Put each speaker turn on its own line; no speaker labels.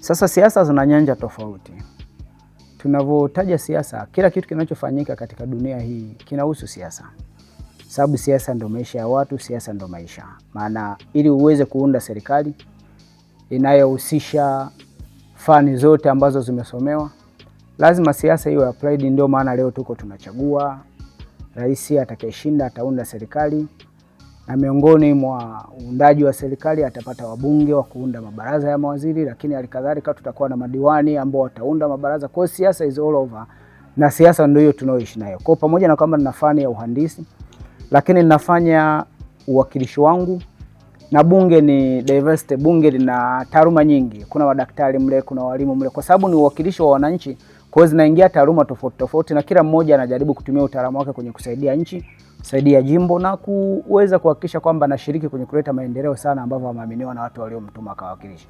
Sasa siasa zina nyanja tofauti. Tunavyotaja siasa, kila kitu kinachofanyika katika dunia hii kinahusu siasa, sababu siasa ndo maisha ya watu, siasa ndo maisha. Maana ili uweze kuunda serikali inayohusisha fani zote ambazo zimesomewa, lazima siasa iwe applied. Ndio maana leo tuko tunachagua rais atakayeshinda, ataunda serikali na miongoni mwa uundaji wa serikali atapata wabunge wa kuunda mabaraza ya mawaziri, lakini halikadhalika tutakuwa na madiwani ambao wataunda mabaraza. Kwa hiyo siasa is all over, na siasa ndio hiyo tunaoishi nayo. Kwa pamoja na kwamba nina fani ya uhandisi, lakini ninafanya uwakilishi wangu na bunge ni diversity. Bunge lina taaluma nyingi, kuna madaktari mle, kuna walimu mle, kwa sababu ni uwakilishi wa wananchi. Kwa hiyo zinaingia taaluma tofauti tofauti, na kila mmoja anajaribu kutumia utaalamu wake kwenye kusaidia nchi, kusaidia jimbo na kuweza kuhakikisha kwamba anashiriki kwenye kuleta maendeleo sana ambavyo ameaminiwa na watu waliomtuma akawakilisha.